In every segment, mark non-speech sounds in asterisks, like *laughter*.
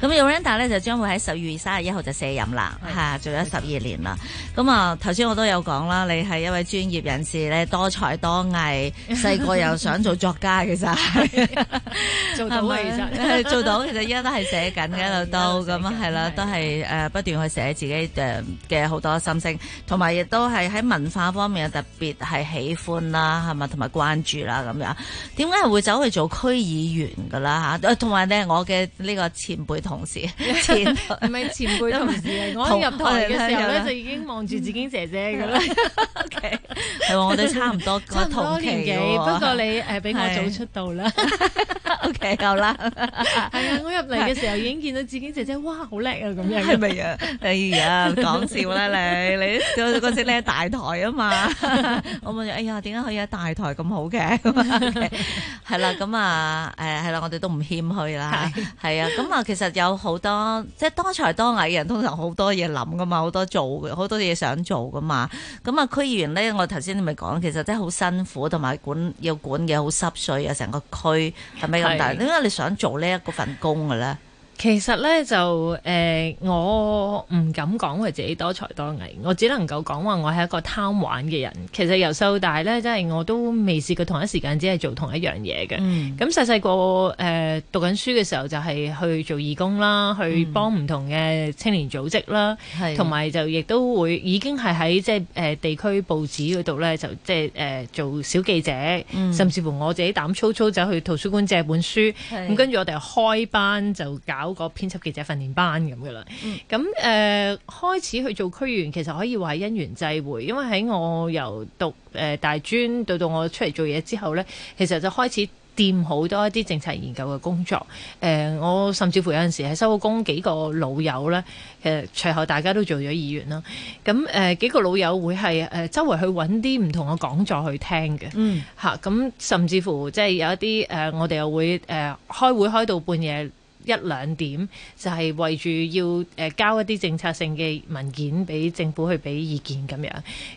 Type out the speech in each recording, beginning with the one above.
咁 Yolanda 咧就將會喺十二月三十一號就卸任啦，吓，做咗十二年啦。咁啊，頭先我都有講啦，你係一位專業人士咧，多才多藝，細個又想做作家 *laughs* 其實係 *laughs* *laughs* *laughs* 做到做了到 *laughs* 其實依家都係寫緊嘅，一路都咁啊，係啦，都係誒不斷去寫自己誒嘅好多心聲，同埋亦都係喺文化方面啊特別係喜歡啦，係咪同埋關注啦咁樣？點解會走去做區議員噶啦嚇？同埋咧，我嘅呢個前輩。同事，前唔係 *laughs* 前輩同事，同事，同事我一入台嘅時候咧，就已經望住紫荊姐姐咁啦。 *laughs* *laughs* OK，係我哋差唔多同期，差唔多年紀，不過你誒比我早出道啦。 *laughs* OK，夠有啦了。係 *laughs* 啊，我入嚟嘅時候已經見到紫荊姐姐，哇，好叻啊！咁樣係咪 *laughs* 啊？ *laughs* *laughs* 哎呀，講笑啦你，你嗰陣咧大台 *laughs* okay *laughs* *laughs* *laughs* 啊嘛，我問佢，哎呀，點解可以喺大台咁好嘅？係啦，咁啊誒係啦，我哋都唔謙虛啦，係 *laughs* 啊對，咁啊其實。有好多即係多才多藝嘅人，通常好多嘢諗噶嘛，好多做嘅，好多嘢想做噶嘛。咁啊，區議員咧，我頭先你咪講，其實真係好辛苦，同埋管要管嘅好濕碎啊，成個區係咪咁大？點解你想做呢一個份工嘅咧？其實咧就誒、呃、我唔敢講佢自己多才多藝，我只能夠講話我係一個貪玩嘅人。其實由細到大咧，即係我都未試過同一時間只係做同一樣嘢嘅。咁細細個誒讀緊書嘅時候，呃、時候就係去做義工啦，去幫唔同嘅青年組織啦，同、嗯、埋就亦都會已經係，喺即係誒地區報紙嗰度咧，就即係誒做小記者、嗯，甚至乎我自己膽粗粗走去圖書館借本書。咁跟住我哋開班就搞。嗰個編輯記者訓練班咁噶啦，咁、嗯、誒、呃、開始去做區議員，其實可以話係因緣際會，因為喺我由讀誒、呃、大專到到我出嚟做嘢之後咧，其實就開始掂好多一啲政策研究嘅工作。誒、呃，我甚至乎有陣時係收工，幾個老友咧誒，隨後大家都做咗議員啦。咁誒、呃，幾個老友會係誒、呃、周圍去搵啲唔同嘅講座去聽嘅，吓、嗯、咁，啊、甚至乎即係、就是、有一啲誒、呃，我哋又會誒、呃、開會開到半夜。一兩點就係、是、圍住要誒交一啲政策性嘅文件俾政府去俾意見咁樣，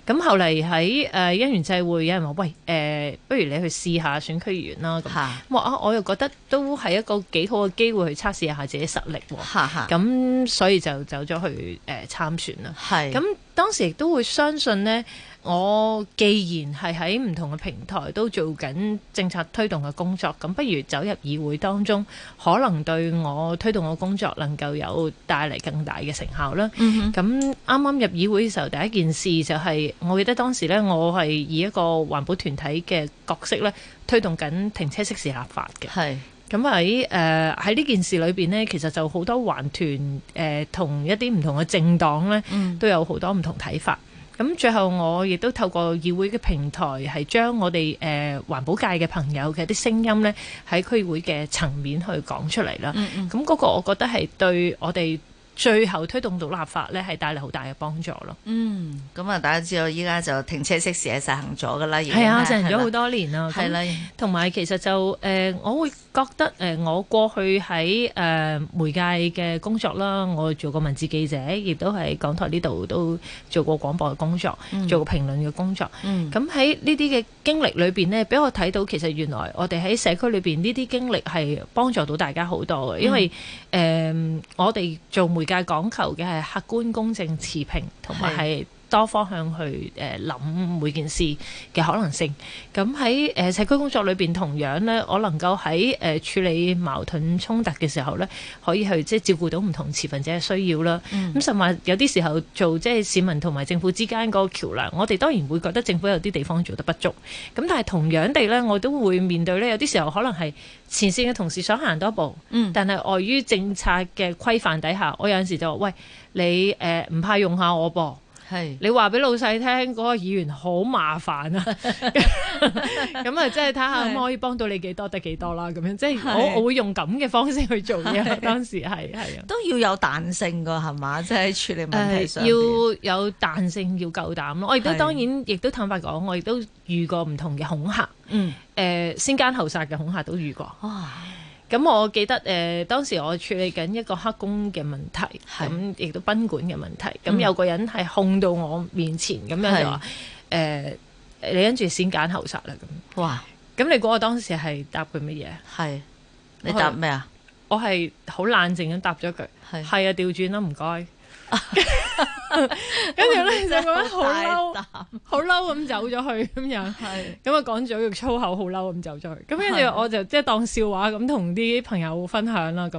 咁後嚟喺誒因緣際會有人話，喂誒、呃，不如你去試下選區議員啦，咁話啊我又覺得都係一個幾好嘅機會去測試一下自己的實力喎，咁、哦、所以就走咗去誒、呃、參選啦，咁。當時亦都會相信呢我既然係喺唔同嘅平台都做緊政策推動嘅工作，咁不如走入議會當中，可能對我推動我工作能夠有帶嚟更大嘅成效啦。咁啱啱入議會嘅時候，第一件事就係、是，我記得當時呢，我係以一個環保團體嘅角色呢，推動緊停車熄匙立法嘅。咁喺誒喺呢件事裏面呢，其實就好多環團誒、呃、同一啲唔同嘅政黨呢，都有好多唔同睇法。咁、嗯、最後我亦都透過議會嘅平台，係將我哋誒、呃、環保界嘅朋友嘅啲聲音呢，喺區議會嘅層面去講出嚟啦。咁、嗯、嗰、嗯那個我覺得係對我哋最後推動到立法呢，係帶嚟好大嘅幫助咯。嗯，咁啊，大家知道依家就停車熄匙係實行咗噶啦，已經係啊，實行咗好多年啦。係啦、啊，同埋、啊、其實就誒、呃，我會覺得誒、呃，我過去喺誒、呃、媒介嘅工作啦，我做過文字記者，亦都喺港台呢度都做過廣播嘅工作，嗯、做過評論嘅工作。咁喺呢啲嘅經歷裏邊呢，俾我睇到其實原來我哋喺社區裏邊呢啲經歷係幫助到大家好多嘅，因為誒、嗯呃、我哋做媒介講求嘅係客觀、公正、持平，同埋係，多方向去誒諗每件事嘅可能性。咁喺誒社區工作裏邊，同樣呢，我能夠喺誒處理矛盾衝突嘅時候呢，可以去即係照顧到唔同持份者嘅需要啦。咁、嗯，甚至有啲時候做即係市民同埋政府之間嗰個橋梁，我哋當然會覺得政府有啲地方做得不足。咁但係同樣地呢，我都會面對呢，有啲時候可能係前線嘅同事想行多一步，但係礙於政策嘅規範底下，我有陣時就話：喂，你誒唔、呃、怕用下我噃？係，你話俾老細聽嗰、那個議員好麻煩啊，咁 *laughs* 啊， *laughs* 即係睇下可唔可以幫到你幾多得幾多啦，咁樣即係我我會用咁嘅方式去做嘢。當時係係都要有彈性噶，係嘛，即、就、係、是、處理問題上、呃、要有彈性，要夠膽咯。我亦都當然，亦都坦白講，我亦都遇過唔同嘅恐嚇，嗯，誒、呃，先奸後殺嘅恐嚇都遇過。哦咁我記得誒、呃，當時我處理緊一個黑工嘅問題，咁亦都賓館嘅問題，咁、嗯、有個人係控到我面前咁樣就話：誒、呃，你跟住先揀後殺啦咁。哇！咁你估我當時係答佢乜嘢？係你答咩啊？我係好冷靜咁答咗佢：「一句：係係啊，調轉啦，唔該。跟住咧就覺得好嬲，好嬲咁走咗去咁樣，咁啊講咗句粗口，好嬲咁走咗去。咁跟住我就即係當笑話咁同啲朋友分享啦。咁，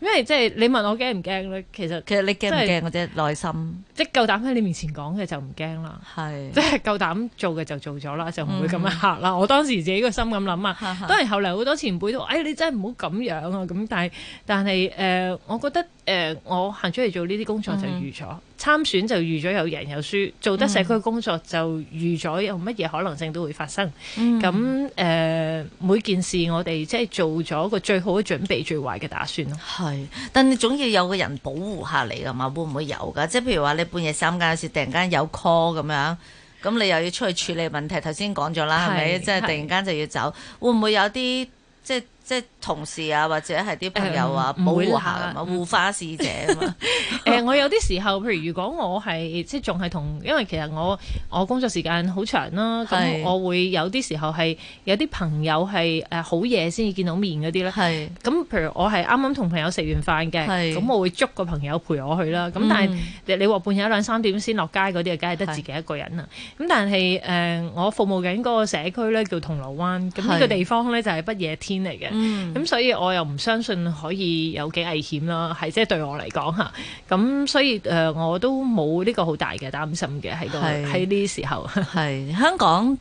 因為即係你問我驚唔驚咧？其實其實你驚唔驚？我即係內心，即係夠膽喺你面前講嘅就唔驚啦。係，即係夠膽做嘅就做咗啦，就唔會咁樣吓啦、嗯。我當時自己個心咁諗啊。當然後嚟好多前輩都，哎你真係唔好咁樣啊。咁但係但係誒、呃，我覺得誒、呃，我行出嚟做呢啲工作、嗯預、嗯、咗參選就預咗有贏有輸，嗯、做得社區工作就預咗有乜嘢可能性都會發生。咁、嗯、誒、呃、每件事我哋即係做咗個最好嘅準備，最壞嘅打算咯。係，但你總要有個人保護下你㗎嘛？會唔會有㗎？即係譬如話你半夜三更有時突然間有 call 咁樣，咁你又要出去處理問題。頭先講咗啦，係咪？即係突然間就要走，會唔會有啲？即係即係同事啊，或者係啲朋友啊，嗯、保護下啊嘛，護花使者啊嘛。 *laughs* 誒、 *laughs* 呃，我有啲時候，譬如如果我係即係仲係同，因為其實我我工作時間好長啦，咁我會有啲時候係有啲朋友係誒好夜先至見到面嗰啲咧，咁。譬如我係啱啱同朋友食完飯嘅，咁我會捉個朋友陪我去啦。咁、嗯、但係你話半夜兩三點先落街嗰啲，梗係得自己一個人啦。咁但係誒、呃，我服務緊嗰個社區咧叫銅鑼灣，咁呢、呢個地方咧就係不夜天嚟嘅。咁、嗯、所以我又唔相信可以有幾危險啦。係即係對我嚟講，吓，咁所以誒、呃、我都冇呢個好大嘅擔心嘅喺度，喺呢、呢個、時候。係香港。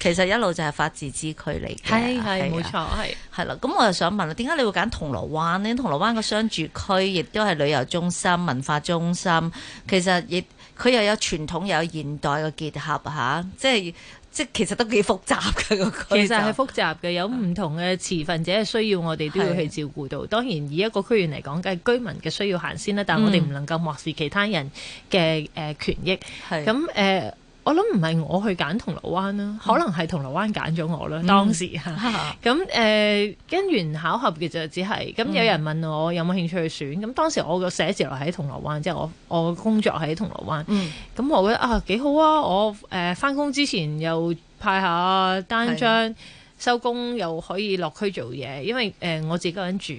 其實一路就係法治之區嚟嘅，係係冇錯，係係啦。咁我又想問啦，點解你會揀銅鑼灣呢？銅鑼灣個商住區亦都係旅遊中心、文化中心。其實亦佢又有傳統又有現代嘅結合嚇、啊，即係即係其實都幾複雜嘅個區，其實係複雜嘅，有唔同嘅持份者嘅需要，我哋都要去照顧到。當然以一個區員嚟講，梗係居民嘅需要先行先啦。但係我哋唔能夠漠視其他人嘅誒、呃、權益。咁誒。我諗唔係我去揀銅鑼灣啦，可能係銅鑼灣揀咗我啦。當時吓，咁、嗯、誒，因緣巧合嘅就只係，咁有人問我有冇興趣去選。咁、嗯、當時我個寫字樓喺銅鑼灣，即、就、係、是、我我工作喺銅鑼灣。咁、嗯、我覺得啊，幾好啊！我誒、翻、呃、工之前又派下單張。收工又可以落區做嘢，因為、呃、我自己一個人住，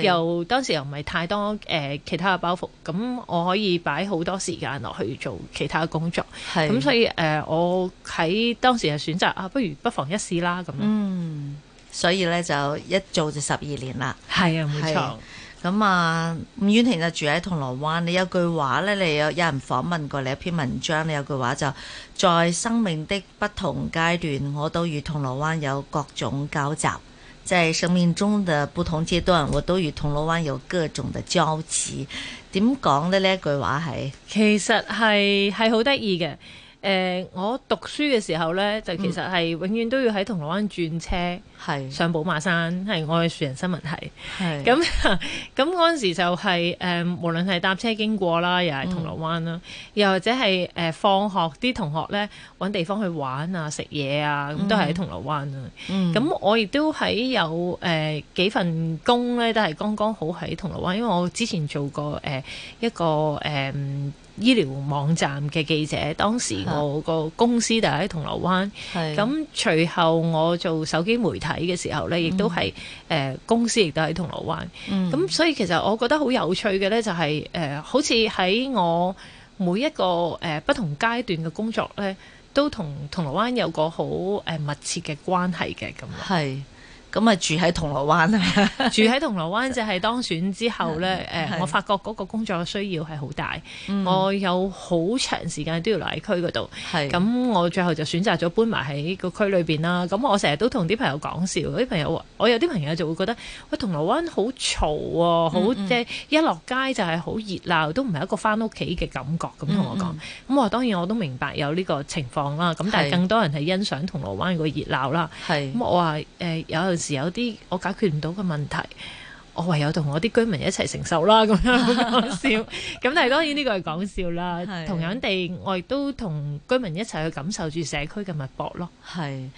又當時又唔係太多、呃、其他嘅包袱，咁我可以擺好多時間落去做其他工作，咁所以、呃、我喺當時就選擇啊，不如不妨一試啦咁。嗯，所以呢就一做就十二年啦。係啊，冇錯。咁啊，伍婉婷就住喺銅鑼灣。你有句話咧，你有有人訪問過你一篇文章，你有句話就，在生命的不同階段，我都與銅鑼灣有各種交集。即係生命中的不同階段，我都與銅鑼灣有各種的交集。點講呢？呢一句話係其實係係好得意嘅。呃、我讀書嘅時候呢，嗯、就其實係永遠都要喺銅鑼灣轉車，上寶馬山，係我嘅樹仁新聞系。咁咁嗰陣時就係、是、誒、呃，無論係搭車經過啦，又係銅鑼灣啦，嗯、又或者係、呃、放學啲同學呢，揾地方去玩啊、食嘢啊，咁都係喺銅鑼灣啊。咁、嗯、我亦都喺有誒、呃、幾份工呢，都係剛剛好喺銅鑼灣，因為我之前做過、呃、一個、呃醫療網站嘅記者，當時我個公司就喺銅鑼灣。咁隨後我做手機媒體嘅時候呢，亦都係誒公司亦都喺銅鑼灣。咁、嗯、所以其實我覺得好有趣嘅呢、就是，就係誒好似喺我每一個誒、呃、不同階段嘅工作呢，都同銅鑼灣有個好誒、呃、密切嘅關係嘅咁咯。係。咁啊住喺銅鑼灣，住喺銅鑼灣 *laughs* 就係當選之後呢。誒、呃、我發覺嗰個工作嘅需要係好大、嗯，我有好長時間都要留喺區嗰度，咁我最後就選擇咗搬埋喺個區裏邊啦。咁我成日都同啲朋友講笑，啲朋友我有啲朋友就會覺得，喂，銅鑼灣好嘈啊，好即係一落街就係好熱鬧，都唔係一個返屋企嘅感覺咁同我講。咁、嗯嗯、我當然我都明白有呢個情況啦，咁但係更多人係欣賞銅鑼灣個熱鬧啦。咁我話誒、呃、有。時有啲我解決唔到嘅問題，我唯有同我啲居民一齊承受啦。咁樣好搞笑，咁 *laughs* 但係當然呢個係講笑啦。的同樣地，我亦都同居民一齊去感受住社區嘅脈搏咯是。係、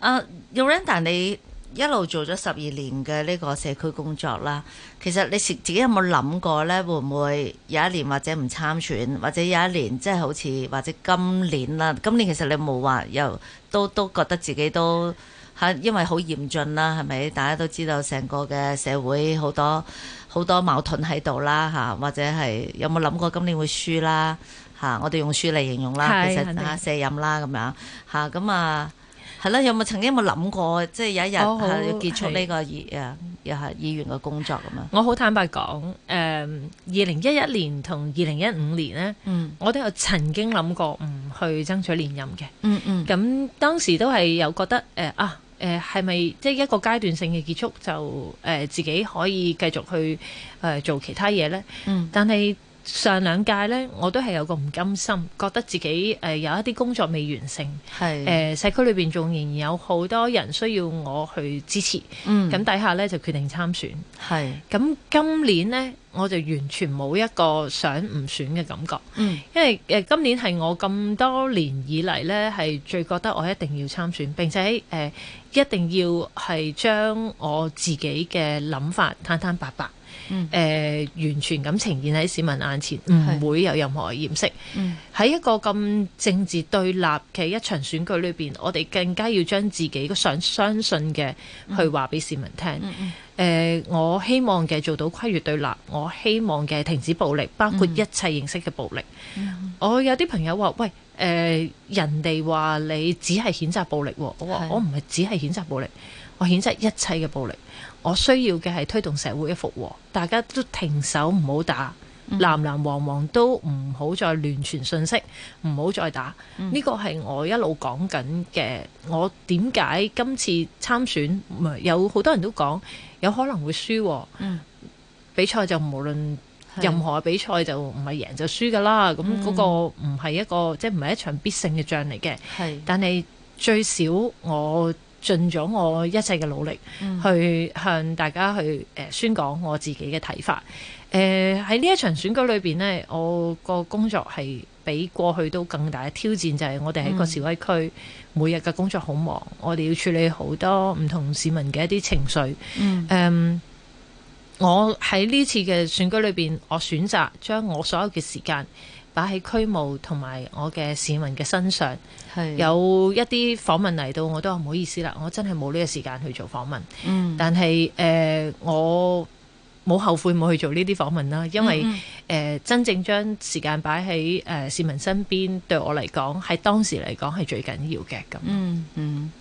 uh, 啊，Urenda，你一路做咗十二年嘅呢個社區工作啦。其實你自己有冇諗過呢？會唔會有一年或者唔參選，或者有一年即係、就是、好似或者今年啦？今年其實你冇話又都都覺得自己都。嚇，因為好嚴峻啦，係咪？大家都知道成個嘅社會好多好多矛盾喺度啦，嚇或者係有冇諗過今年會輸啦？嚇，我哋用輸嚟形容啦，其實嚇卸任啦咁樣嚇咁啊，係啦，有冇曾經有冇諗過，即係有一日係、哦、結束呢個議啊，又係議員嘅工作咁樣？我好坦白講，誒、呃，二零一一年同二零一五年咧，嗯，我都有曾經諗過唔去爭取連任嘅，嗯嗯，咁當時都係有覺得誒、呃、啊！誒，係咪即係一個階段性嘅結束，就誒自己可以繼續去誒做其他嘢呢？嗯，但係。上兩屆呢我都係有個唔甘心，覺得自己、呃、有一啲工作未完成，係、呃、社區裏面仲仍然有好多人需要我去支持。嗯，咁底下呢，就決定參選。係，咁今年呢，我就完全冇一個想唔選嘅感覺。嗯，因為、呃、今年係我咁多年以嚟呢，係最覺得我一定要參選，並且、呃、一定要係將我自己嘅諗法坦坦白白。誒、嗯、呃，完全咁呈現喺市民眼前，唔會有任何掩飾。喺、嗯、一個咁政治對立嘅一場選舉裏邊，我哋更加要將自己的想相信嘅去話俾市民聽。誒、嗯、嗯、嗯、呃，我希望嘅做到跨越對立，我希望嘅停止暴力，包括一切形式嘅暴力。嗯、我有啲朋友話，喂，誒、呃，人哋話你只係譴責暴力，我話我唔係只係譴責暴力。我譴責一切嘅暴力，我需要嘅係推動社會嘅復和，大家都停手唔好打、嗯，藍藍黃黃都唔好再亂傳信息，唔好再打。呢個係我一路講緊嘅。我點解今次參選？嗯、有好多人都講有可能會輸、嗯。比賽就無論任何嘅比賽，是啊、就唔係贏就輸噶啦。咁嗰個唔係一個即係唔係一場必勝嘅仗嚟嘅。但係最少我。盡咗我一切嘅努力，嗯，去向大家去誒、呃、宣講我自己嘅睇法。誒喺呢一場選舉裡邊咧，我個工作係比過去都更大嘅挑戰，就係、是、我哋喺個示威區、嗯、每日嘅工作好忙，我哋要處理好多唔同市民嘅一啲情緒。誒、嗯呃，我喺呢次嘅選舉裡邊，我選擇將我所有嘅時間擺喺區務同埋我嘅市民嘅身上。有一啲訪問嚟到，我都話唔好意思啦，我真係冇呢個時間去做訪問。嗯、但係誒、呃，我冇後悔冇去做呢啲訪問啦，因為誒、呃、真正將時間擺喺誒、呃、市民身邊，對我嚟講喺當時嚟講係最緊要嘅咁。嗯嗯。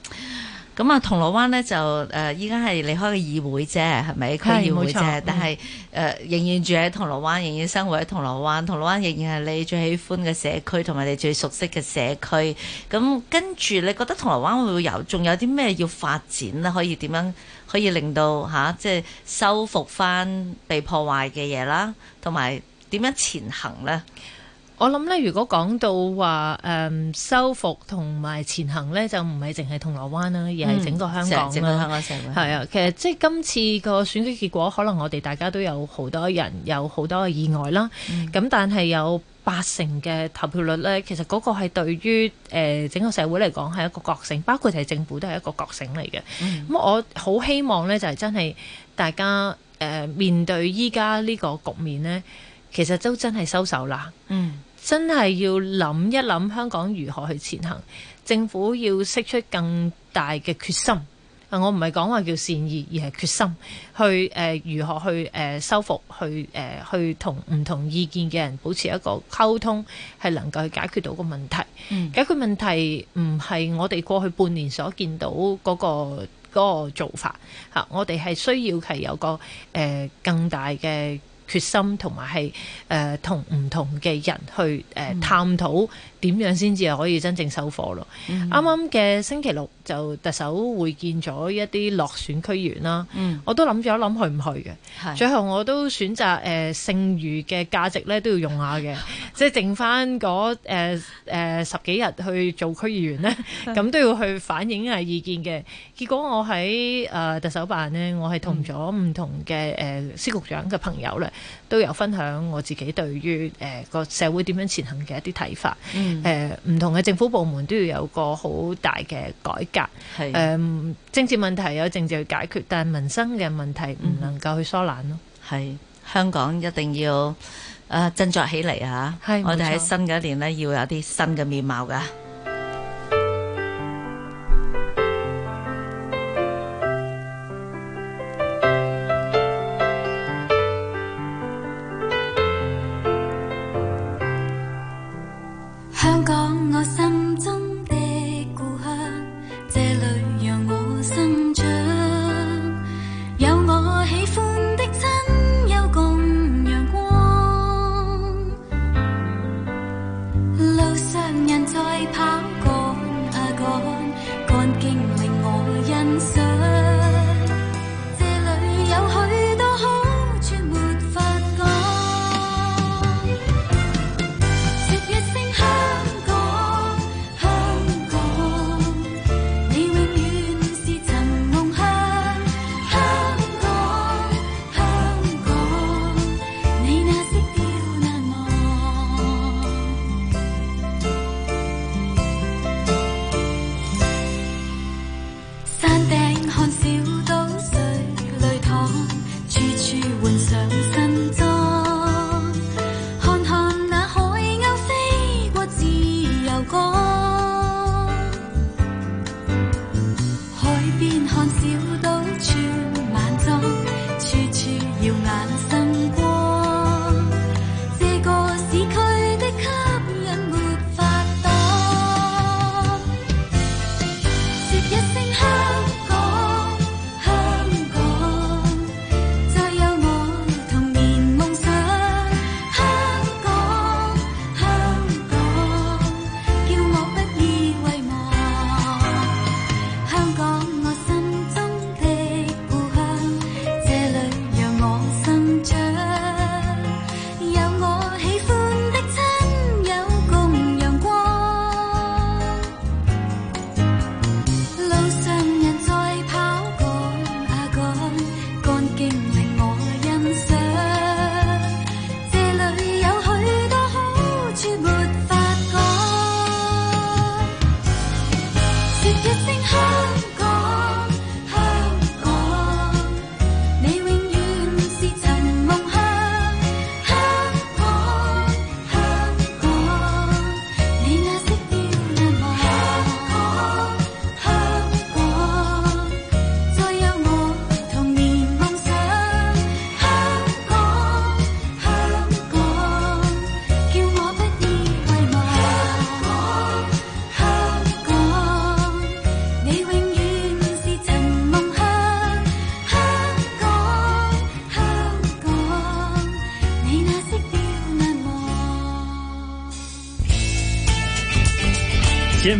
咁啊，銅鑼灣咧就誒，依家係離開個議會啫，係咪？區議會啫，嗯，但係誒、呃，仍然住喺銅鑼灣，仍然生活喺銅鑼灣。銅鑼灣仍然係你最喜歡嘅社區，同埋你最熟悉嘅社區。咁跟住，你覺得銅鑼灣會唔會有仲有啲咩要發展咧？可以點樣可以令到嚇即係修復翻被破壞嘅嘢啦，同埋點樣前行咧？我諗咧，如果講到話誒、嗯，修復同埋前行咧，就唔係淨係銅鑼灣啦，而係整個香港啦。嗯、整個香港成係啊，其實即係今次個選舉結果，可能我哋大家都有好多人有好多意外啦。咁、嗯、但係有八成嘅投票率咧，其實嗰個係對於誒、呃、整個社會嚟講係一個覺醒，包括係政府都係一個覺醒嚟嘅。咁、嗯、我好希望咧，就係、是、真係大家誒、呃、面對依家呢個局面呢，其實都真係收手啦。嗯。真係要諗一諗香港如何去前行，政府要釋出更大嘅決心。啊，我唔係講話叫善意，而係決心去、呃、如何去誒、呃、修復，去、呃、去同唔同意見嘅人保持一個溝通，係能夠去解決到個問題、嗯。解決問題唔係我哋過去半年所見到嗰個嗰個做法吓，我哋係需要係有個、呃、更大嘅。決心、呃、同埋係同唔同嘅人去、呃、探討點樣先至可以真正收貨咯。啱啱嘅星期六就特首會見咗一啲落選區議員啦，嗯、我都諗咗諗去唔去嘅，最後我都選擇誒、呃、剩餘嘅價值咧都要用下嘅， *laughs* 即係剩翻嗰、呃、十幾日去做區議員咧，咁 *laughs* *laughs* 都要去反映下意見嘅。結果我喺、呃、特首辦呢，我係同咗唔同嘅司局長嘅朋友咧。都有分享我自己對於個、呃、社會點樣前行嘅一啲睇法，誒、嗯、呃、唔同嘅政府部門都要有個好大嘅改革、呃，政治問題有政治去解決，但係民生嘅問題唔能夠去疏懶咯。係香港一定要、啊、振作起嚟啊！我哋喺新嘅一年呢，要有啲新嘅面貌㗎。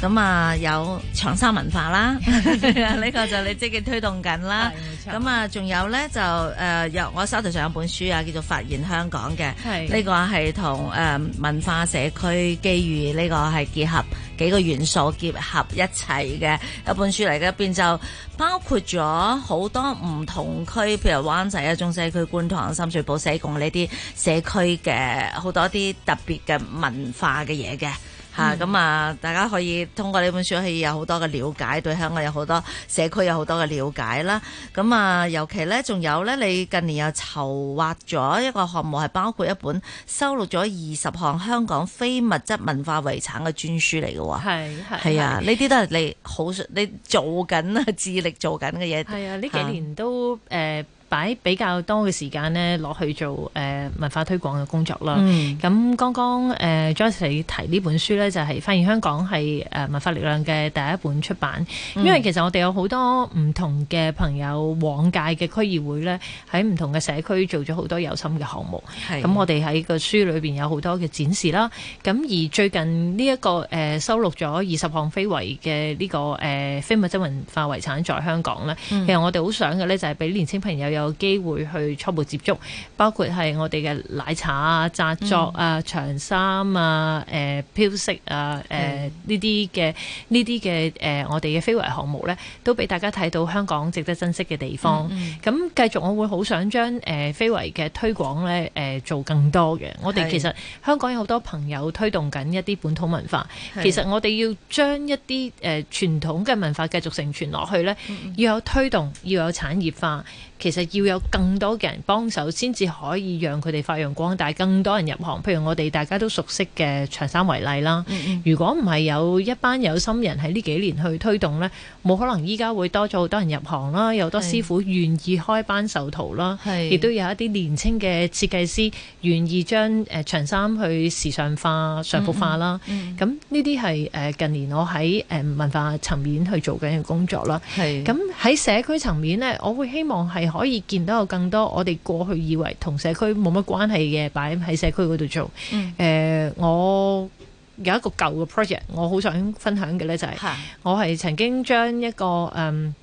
咁啊，有長沙文化啦，呢 *laughs* 個就你積極推動緊啦。咁 *laughs* 啊，仲有咧就誒，有、呃、我手頭上有本書啊，叫做《發現香港》嘅，呢、這個係同、嗯呃、文化社區基於呢個係結合幾個元素結合一齊嘅一本書嚟嘅，入邊就包括咗好多唔同區，譬如灣仔啊、中西區、觀塘、深水埗、西貢呢啲社區嘅好多啲特別嘅文化嘅嘢嘅。吓、嗯、咁啊！大家可以通過呢本書可以有好多嘅了解，對香港有好多社區有好多嘅了解啦。咁啊，尤其咧仲有咧，你近年又籌劃咗一個項目，係包括一本收錄咗二十項香港非物質文化遺產嘅專書嚟嘅。係係係啊！呢啲都係你好你做緊啊，致力做緊嘅嘢。係啊！呢幾年都誒。啊呃擺比較多嘅時間呢，攞去做、呃、文化推廣嘅工作啦。咁、嗯、剛剛誒、呃、Joyce 你提呢本書呢，就係、是、發現香港係文化力量嘅第一本出版。嗯、因為其實我哋有好多唔同嘅朋友，往屆嘅區議會呢，喺唔同嘅社區做咗好多有心嘅項目。咁我哋喺個書裏面有好多嘅展示啦。咁而最近呢、這、一個、呃、收錄咗二十項非遺嘅呢個、呃、非物質文化遺產在香港呢、嗯。其實我哋好想嘅呢，就係俾年輕朋友有有機會去初步接觸，包括係我哋嘅奶茶啊、紮作、嗯、啊、長衫啊、誒飄色啊、誒呢啲嘅呢啲嘅誒，我哋嘅非遺項目呢都俾大家睇到香港值得珍惜嘅地方。咁、嗯嗯、繼續，我會好想將誒、呃、非遺嘅推廣呢誒、呃、做更多嘅。我哋其實香港有好多朋友推動緊一啲本土文化，其實我哋要將一啲誒、呃、傳統嘅文化繼續承傳落去呢、嗯嗯、要有推動，要有產業化。其實要有更多嘅人幫手，先至可以讓佢哋發揚光大，更多人入行。譬如我哋大家都熟悉嘅長衫為例啦。Mm-hmm. 如果唔係有一班有心人喺呢幾年去推動呢，冇可能依家會多咗好多人入行啦，有多師傅願意開班授徒啦，亦、mm-hmm. 都有一啲年輕嘅設計師願意將誒長衫去時尚化、上服化啦。咁呢啲係誒近年我喺誒文化層面去做緊嘅工作啦。咁、mm-hmm. 喺社區層面呢，我會希望係。可以見到有更多我哋過去以為同社區冇乜關係嘅擺喺社區嗰度做、嗯呃。我有一個舊嘅 project，我好想分享嘅呢就係、是，我係曾經將一個、嗯、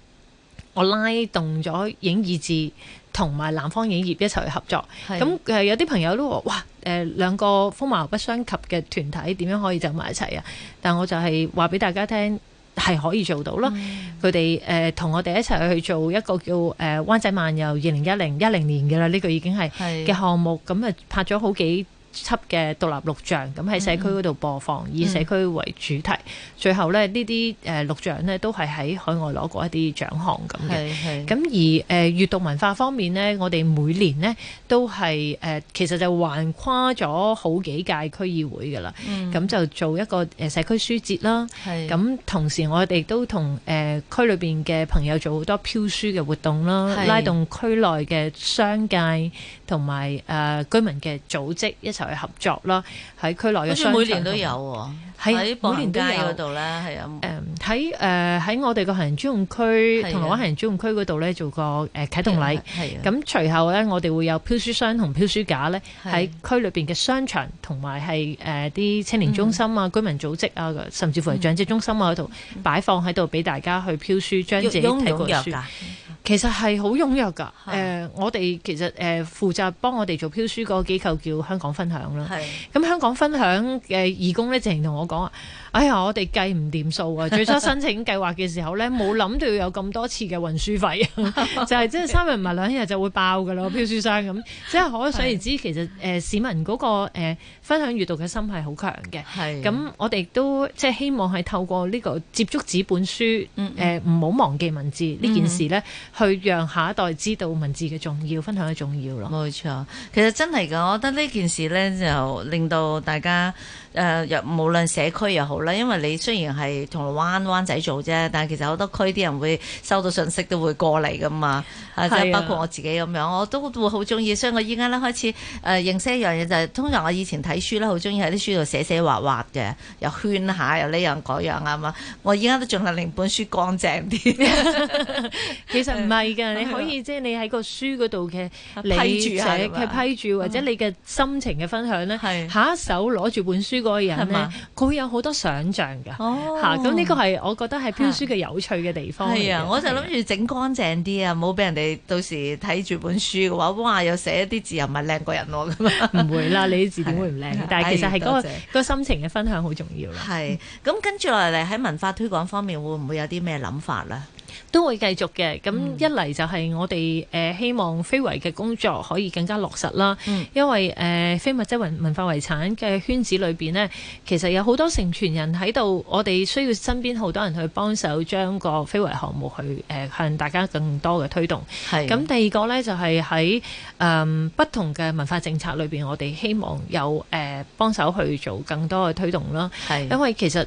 我拉動咗影意志同埋南方影業一齊去合作。咁、呃、有啲朋友都話，哇，誒、呃、兩個風馬牛不相及嘅團體點樣可以走埋一齊啊？但我就係話俾大家聽。係可以做到咯，佢哋誒同我哋一齊去做一個叫誒灣、呃、仔漫遊二零一零一零年嘅啦，呢、這個已經係嘅項目，咁、嗯、啊拍咗好幾輯嘅獨立錄像，咁喺社區度播放，嗯、以社區為主題。嗯嗯最後咧呢啲誒錄像呢都係喺海外攞過一啲獎項咁嘅，咁而誒閱讀文化方面呢，我哋每年呢都係其實就橫跨咗好幾屆區議會噶啦，咁、嗯、就做一個社區書節啦，咁同時我哋都同區裏面嘅朋友做好多飄書嘅活動啦，拉動區內嘅商界同埋誒居民嘅組織一齊去合作啦，喺區內嘅商場每年都有，係，每年都有。度咧，係、嗯、啊，誒喺誒喺我哋個行人專用區、同埋灣行人專用區嗰度咧，做個誒啟動禮。係啊，咁隨後咧，我哋會有漂書箱同漂書架咧，喺區裏邊嘅商場同埋係誒啲青年中心啊、嗯、居民組織啊，甚至乎係長者中心啊度、嗯、擺放喺度，俾大家去漂書，將自己睇過嘅其實係好踴躍㗎，誒、呃，我哋其實誒、呃、負責幫我哋做漂書嗰個機構叫香港分享啦。咁香港分享嘅義工咧，成日同我講啊，哎呀，我哋計唔掂數啊！最初申請計劃嘅時候咧，冇 *laughs* 諗到要有咁多次嘅運輸費， *laughs* *laughs* 就係即係三日唔係兩日就會爆㗎啦，漂 *laughs* 書商咁。即係可想而知，其實、呃、市民嗰、那個、呃、分享閱讀嘅心係好強嘅。咁我哋都即係希望係透過呢個接觸紙本書，唔、嗯、好、嗯呃、忘記文字呢、嗯、件事咧。去讓下一代知道文字嘅重要，分享嘅重要咯。冇錯，其實真係㗎，我覺得呢件事呢，就令到大家。誒、呃，無論社區又好啦，因為你雖然係銅鑼灣灣仔做啫，但其實好多區啲人會收到信息都會過嚟噶嘛啊啊，包括我自己咁樣，我都會好中意。所以我依家咧開始誒認識一樣嘢，就係通常我以前睇書咧，好中意喺啲書度寫寫畫畫嘅，又圈下，又呢樣嗰樣啊嘛。我依家都盡量令本書乾淨啲。 *laughs* *laughs* 其實唔係㗎， *laughs* 你可以、哎、即係你喺個書嗰度嘅批註批或者你嘅心情嘅分享呢， *laughs* 下一手攞住本書。個人嘛，佢會有好多想象嘅，嚇咁呢個係我覺得係編書嘅有趣嘅地方。係啊，我就諗住整乾淨啲啊，冇俾人哋到時睇住本書嘅話，哇！又寫一啲字又唔係靚過人喎咁啊，唔會啦， *laughs* 你啲字點會唔靚？但係其實係嗰、嗰個哎嗰個心情嘅分享好重要啦。係咁，跟住落嚟喺文化推廣方面，會唔會有啲咩諗法咧？都會繼續嘅，咁一嚟就係我哋、呃、希望非遺嘅工作可以更加落實啦，嗯、因為、呃、非物質文文化遺產嘅圈子裏面呢，其實有好多承傳人喺度，我哋需要身邊好多人去幫手將個非遺項目去、呃、向大家更多嘅推動。咁，第二個呢，就係、是、喺、呃、不同嘅文化政策裏面，我哋希望有誒幫手去做更多嘅推動啦。因為其實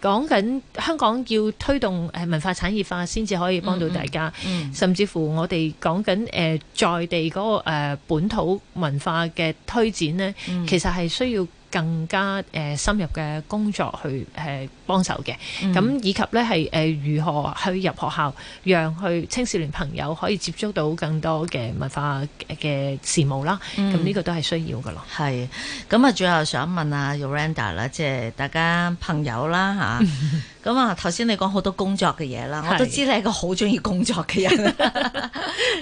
講緊、呃、香港要推動文化產業化。先至可以幫到大家，嗯嗯、甚至乎我哋講緊誒在地嗰、那個、呃、本土文化嘅推展呢，嗯、其實係需要更加誒、呃、深入嘅工作去誒、呃、幫手嘅。咁、嗯、以及呢係誒、呃、如何去入學校，讓去青少年朋友可以接觸到更多嘅文化嘅事務啦。咁、嗯、呢個都係需要㗎咯。係。咁啊，最後想問阿 Yolanda 啦，即係大家朋友啦、啊 *laughs* 咁啊，頭先你講好多工作嘅嘢啦，我都知你係個好中意工作嘅人，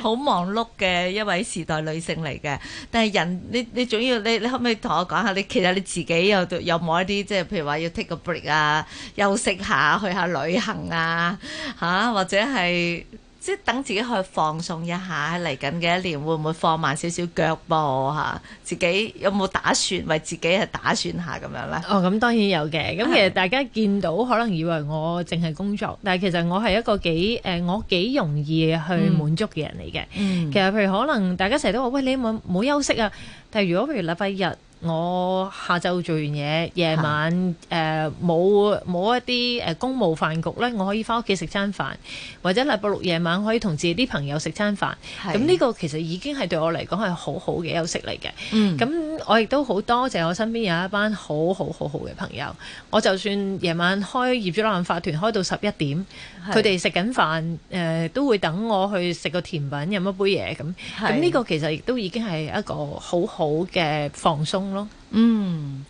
好 *laughs* *laughs* 忙碌嘅一位時代女性嚟嘅。但係人，你你仲要，你你可唔可以同我講下？你其實你自己有有冇一啲即係譬如話要 take a break 啊，休息下，去下旅行啊，嚇、啊、或者係。即係等自己去放鬆一下，嚟緊嘅一年會唔會放慢少少腳步吓？自己有冇打算為自己係打算下咁樣咧？哦，咁當然有嘅。咁其實大家見到可能以為我淨係工作，但係其實我係一個幾、呃、我幾容易去滿足嘅人嚟嘅、嗯。其實譬如可能大家成日都話：喂，你冇冇休息啊？但係如果譬如禮拜日，我下晝做完嘢，夜晚誒冇冇一啲誒公務飯局咧，我可以翻屋企食餐飯，或者禮拜六夜晚可以同自己啲朋友食餐飯。咁呢個其實已經係對我嚟講係好好嘅休息嚟嘅。咁、嗯、我亦都好多謝我身邊有一班好好好好嘅朋友。我就算夜晚開業主立案法團開到十一點，佢哋食緊飯誒都會等我去食個甜品飲一杯嘢咁。咁呢個其實亦都已經係一個好好嘅放鬆。嗯，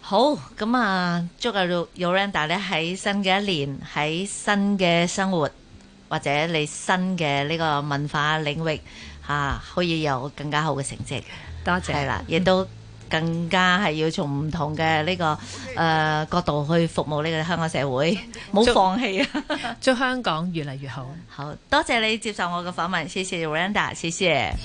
好，咁啊，祝阿 Yolanda 咧喺新嘅一年，喺新嘅生活或者你新嘅呢個文化領域吓、啊，可以有更加好嘅成績。多謝係啦，亦都更加係要從唔同嘅呢、這個誒、okay. 呃、角度去服務呢個香港社會，冇放棄啊，祝, *laughs* 祝香港越嚟越好。好多謝你接受我嘅訪問，謝謝 Yolanda，謝謝。